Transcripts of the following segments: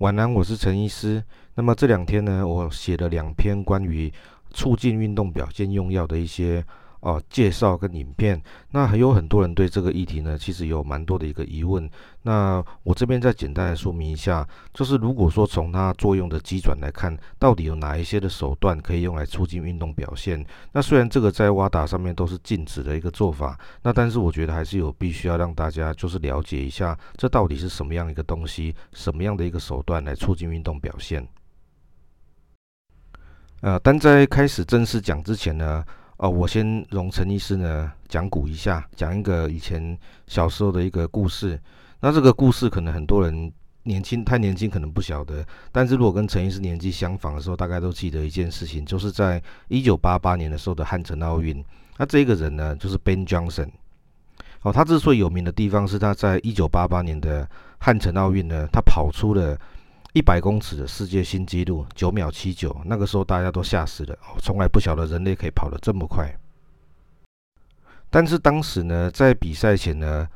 晚安，我是陳醫師。那麼這兩天呢，我寫了兩篇關於促進運動表現用藥的一些，哦，介紹跟影片，那還有很多人對這個議題呢，其實有蠻多的一個疑問。那我這邊再簡單來說明一下，就是如果說從它作用的機轉來看，到底有哪一些的手段可以用來促進運動表現？那雖然這個在 WADA 上面都是禁止的一個做法，那但是我覺得還是有必須要讓大家就是了解一下，這到底是什麼樣一個東西，什麼樣的一個手段來促進運動表現？呃，但在開始正式講之前呢。哦，我先容陳醫師呢講古一下，講一個以前小時候的一個故事。那這個故事可能很多人年輕太年輕可能不曉得，但是如果跟陳醫師年紀相仿的時候，大概都記得一件事情，就是在一九八八年的時候的漢城奧運。那這個人呢，就是 Ben Johnson。哦，他之所以有名的地方是他在一九八八年的漢城奧運呢，他跑出了。一百公尺的世界新紀錄，九秒七九。那個時候大家都嚇死了，哦、從來不曉得人類可以跑得這麼快。但是當時呢，在比賽前呢，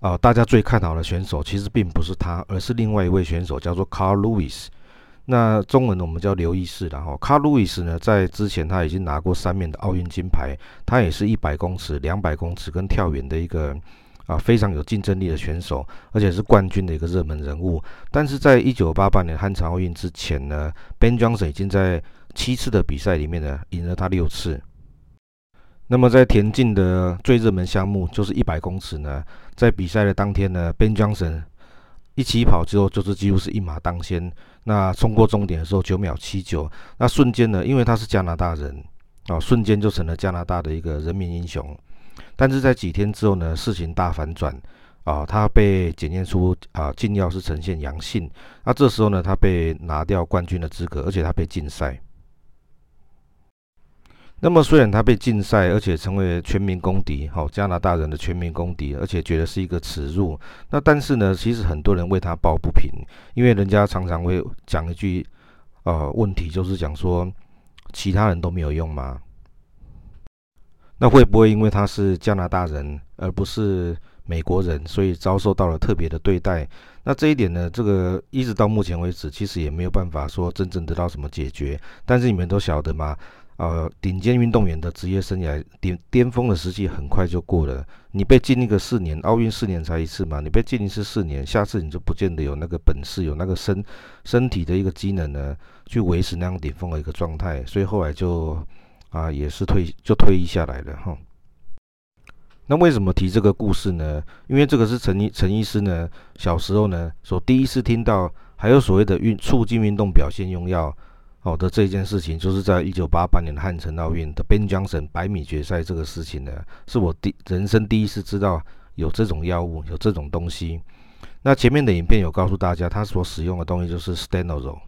啊、哦，大家最看好的選手其實並不是他，而是另外一位選手，叫做 Carl Lewis。那中文我們叫劉易士。然後、哦、Carl Lewis 呢，在之前他已經拿過三面的奧運金牌，他也是一百公尺、兩百公尺跟跳遠的一個。啊，非常有競爭力的選手，而且是冠軍的一個熱門人物。但是在一九八八年漢城奧運之前呢，Ben Johnson 已經在七次的比賽裡面呢贏了他六次。那麼在田徑的最熱門項目就是一百公尺呢，在比賽的當天呢，Ben Johnson 一起跑之後就是幾乎是一馬當先。那衝過終點的時候九秒七九，那瞬間呢，因為他是加拿大人啊，瞬間就成了加拿大的一個人民英雄。但是在幾天之後呢，事情大反轉，哦，啊，他被檢驗出啊禁藥是呈現陽性，那這時候呢，他被拿掉冠軍的資格，而且他被禁賽。那麼雖然他被禁賽，而且成為全民公敵，好，哦，加拿大人的全民公敵，而且覺得是一個恥辱。那但是呢，其實很多人為他抱不平，因為人家常常會講一句，呃，問題就是講說，其他人都沒有用嗎？那會不會因為他是加拿大人而不是美國人，所以遭受到了特別的對待？那這一點呢？這個一直到目前為止，其實也沒有辦法說真正得到什麼解決。但是你們都曉得嘛？呃，頂尖運動員的職業生涯頂，巔峰的時期很快就過了。你被禁一個四年，奧運四年才一次嘛？你被禁一次四年，下次你就不見得有那個本事，有那個身身體的一個機能呢，去維持那樣頂峰的一個狀態。所以後來就。啊，也是退就退役下來了哈。那為什麼提這個故事呢？因為這個是陳陳醫師呢小時候呢所第一次聽到，還有所謂的運促進運動表現用藥好的這件事情，就是在一九八八年的漢城奧運的 Ben Johnson 百米決賽這個事情呢，是我第人生第一次知道有這種藥物有這種東西。那前面的影片有告訴大家，他所使用的東西就是 Stanozolol。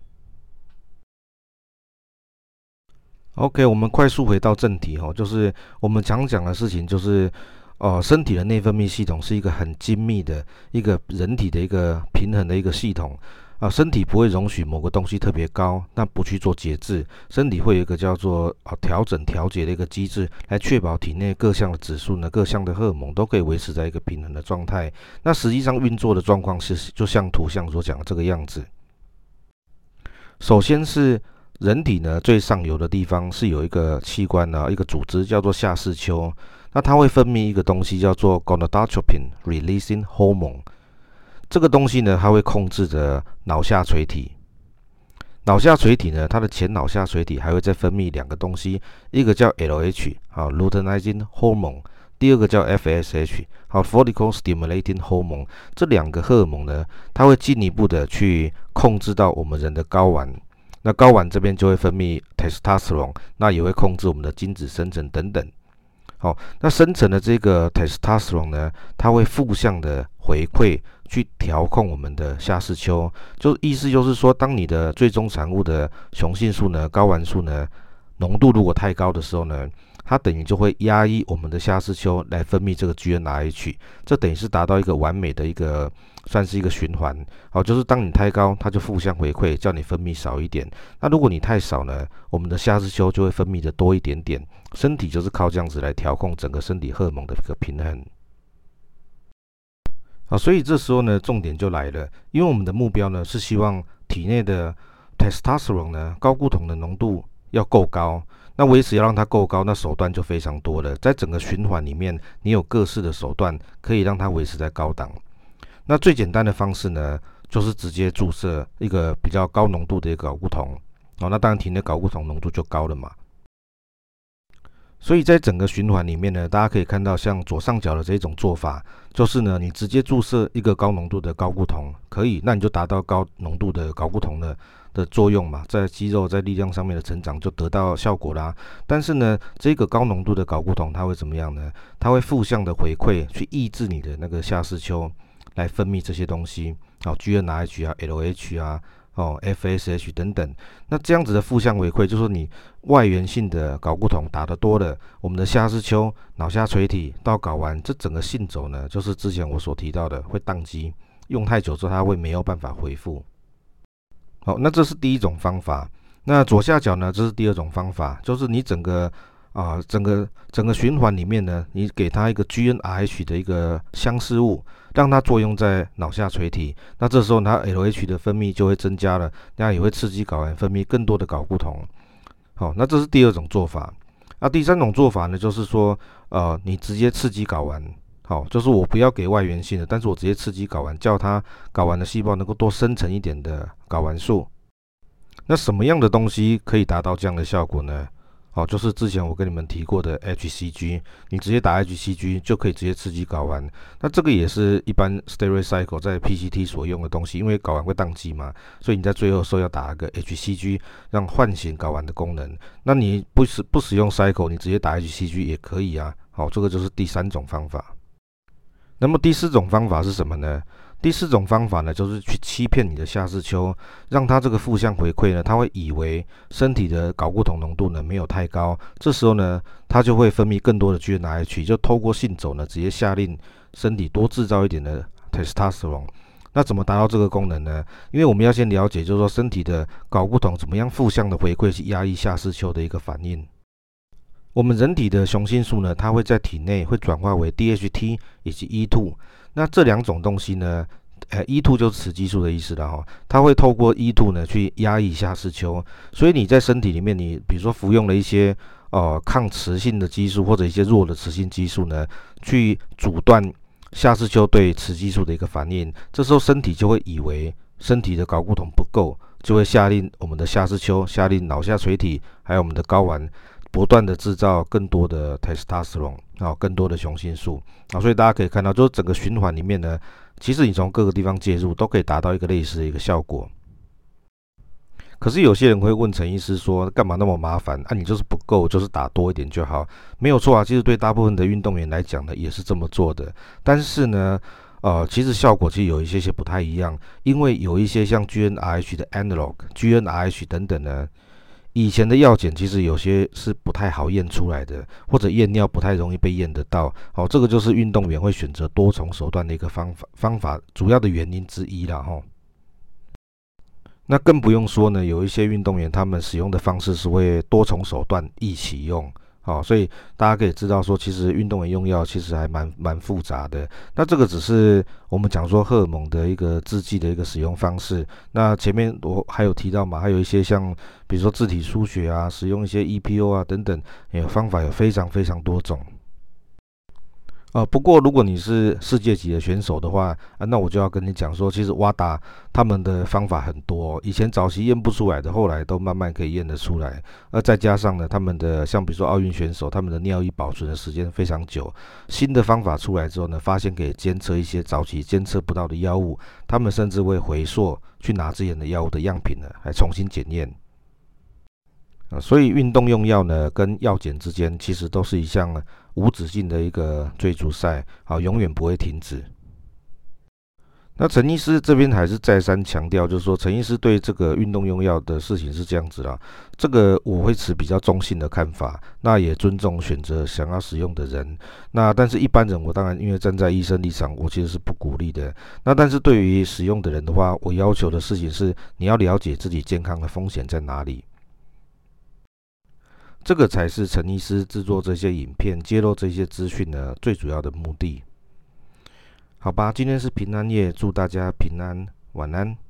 OK，我們快速回到正題哈，就是我們常講、講的事情，就是呃，身體的內分泌系統是一個很精密的一個人體的一個平衡的一個系統啊。呃，身體不會容許某個東西特別高，那不去做節制，身體會有一個叫做啊、呃、調整調節的一個機制，來確保體內各項的指數呢，各項的荷爾蒙都可以維持在一個平衡的狀態。那實際上運作的狀況是，就像圖像所講的這個樣子，首先是。人體呢，最上游的地方是有一個器官呢、啊，一個組織叫做下視丘，那它會分泌一個東西叫做 gonadotropin releasing hormone。這個東西呢，它會控制着腦下垂體。腦下垂體呢，它的前腦下垂體還會再分泌兩個東西，一個叫 LH 好 luteinizing hormone，第二個叫 FSH 好 follicle stimulating hormone。這兩個荷爾蒙呢，它會進一步的去控制到我們人的睾丸。那睾丸這邊就會分泌 testosterone，那也會控制我們的精子生成等等。好、哦，那生成的這個 testosterone 呢，它會負向的回饋去調控我們的下視丘。就意思就是說，當你的最終產物的雄性素呢、睾丸素呢濃度如果太高的時候呢。它等於就會壓抑我們的下視丘來分泌這個 GnRH，這等於是達到一個完美的一個，算是一個循環。好，就是當你太高，它就負向回饋，叫你分泌少一點。那如果你太少呢，我們的下視丘就會分泌的多一點點。身體就是靠這樣子來調控整個身體荷爾蒙的一個平衡。好，所以這時候呢，重點就來了，因為我們的目標呢是希望體內的 testosterone 呢，睪固酮的濃度。要夠高，那維持要讓它夠高，那手段就非常多了。在整個循環裡面，你有各式的手段可以讓它維持在高檔。那最簡單的方式呢，就是直接注射一個比較高濃度的一個睾固酮。哦，那當然體內睾固酮濃度就高了嘛。所以在整個循環裡面呢，大家可以看到，像左上角的這種做法，就是呢，你直接注射一個高濃度的睾固酮，可以，那你就達到高濃度的睾固酮的的作用嘛，在肌肉在力量上面的成長就得到效果啦。但是呢，這個高濃度的睾固酮它會怎麼樣呢？它會負向的回饋去抑制你的那個下視丘來分泌這些東西啊、哦、，GnRH 啊，LH 啊。哦，FSH 等等，那這樣子的負向回饋，就是你外源性的睾固酮打得多了，我們的下視丘、腦下垂體到睾丸這整個性軸呢，就是之前我所提到的會宕機，用太久之後它會沒有辦法恢復。好，那這是第一種方法，那左下角呢，這是第二種方法，就是你整個。啊，整個整個循環裡面呢，你給它一個 GnRH 的一個相似物，讓它作用在腦下垂體，那這時候呢，它 LH 的分泌就會增加了，那樣也會刺激睾丸分泌更多的睾固酮。好、哦，那這是第二種做法。那第三種做法呢，就是說，呃，你直接刺激睾丸，好、哦，就是我不要給外源性的，但是我直接刺激睾丸，叫它睾丸的細胞能夠多生成一點的睾丸素。那什麼樣的東西可以達到這樣的效果呢？哦，就是之前我跟你們提過的 HCG，你直接打 HCG 就可以直接刺激睾丸。那這個也是一般 Steroid Cycle 在 PCT 所用的東西，因為睾丸會宕機嘛，所以你在最後時候要打一個 HCG，讓喚醒睾丸的功能。那你不使不使用 Cycle，你直接打 HCG 也可以啊。好、哦，這個就是第三種方法。那麼第四種方法是什麼呢？第四種方法呢，就是去欺騙你的下視丘，讓它這個負向回饋呢，它會以為身體的睾固酮濃度呢沒有太高，這時候呢，它就會分泌更多的 GnRH，就透過性軸呢，直接下令身體多製造一點的 testosterone。那怎麼達到這個功能呢？因為我們要先了解，就是說身體的睾固酮怎麼樣負向的回饋去壓抑下視丘的一個反應。我們人體的雄性素呢，它會在體內會轉化為 DHT 以及 E2。那這兩種東西呢，呃，E2 就是雌激素的意思了哈，它會透過 E2 呢去壓抑下視丘，所以你在身體裡面，你比如說服用了一些呃抗雌性的激素或者一些弱的雌性激素呢，去阻斷下視丘對雌激素的一個反應，這時候身體就會以為身體的睾固酮不夠，就會下令我們的下視丘，下令腦下垂體，還有我們的睾丸，不斷的製造更多的 testosterone 啊，更多的雄性素啊，所以大家可以看到，就是整個循環裡面呢，其實你從各個地方介入都可以達到一個類似的一個效果。可是有些人會問陳醫師說，幹嘛那麼麻煩啊？你就是不夠，就是打多一點就好。沒有錯啊，其實對大部分的運動員來講呢，也是這麼做的。但是呢，呃，其實效果其實有一些些不太一樣，因為有一些像 GnRH 的 analog，GnRH 等等呢。以前的藥檢其實有些是不太好驗出來的，或者驗尿不太容易被驗得到。哦，這個就是運動員會選擇多重手段的一個方法方法，主要的原因之一啦哦。那更不用說呢，有一些運動員他們使用的方式是會多重手段一起用。好、哦，所以大家可以知道說，其實運動員用藥其實還蠻蠻複雜的。那這個只是我們講說荷爾蒙的一個製劑的一個使用方式。那前面我還有提到嘛，還有一些像，比如說自體輸血啊，使用一些 EPO 啊等等，也方法有非常非常多種。呃，不過如果你是世界級的選手的話，啊、那我就要跟你講說，其實 WADA 他們的方法很多，以前早期驗不出來的，後來都慢慢可以驗得出來。那再加上呢，他們的像比如說奧運選手，他們的尿液保存的時間非常久，新的方法出來之後呢，發現可以監測一些早期監測不到的藥物，他們甚至會回溯去拿之前的藥物的樣品呢，還重新檢驗。啊，所以運動用藥呢，跟藥檢之間其實都是一項無止境的一個追逐賽，啊，永遠不會停止。那陳醫師這邊還是再三強調，就是說，陳醫師對這個運動用藥的事情是這樣子啦。這個我會持比較中性的看法，那也尊重選擇想要使用的人。那但是一般人，我當然因為站在醫生立場，我其實是不鼓勵的。那但是對於使用的人的話，我要求的事情是，你要了解自己健康的風險在哪裡。這個才是陳醫師制作這些影片，揭露這些資訊的最主要的目的。好吧，今天是平安夜，祝大家平安，晚安。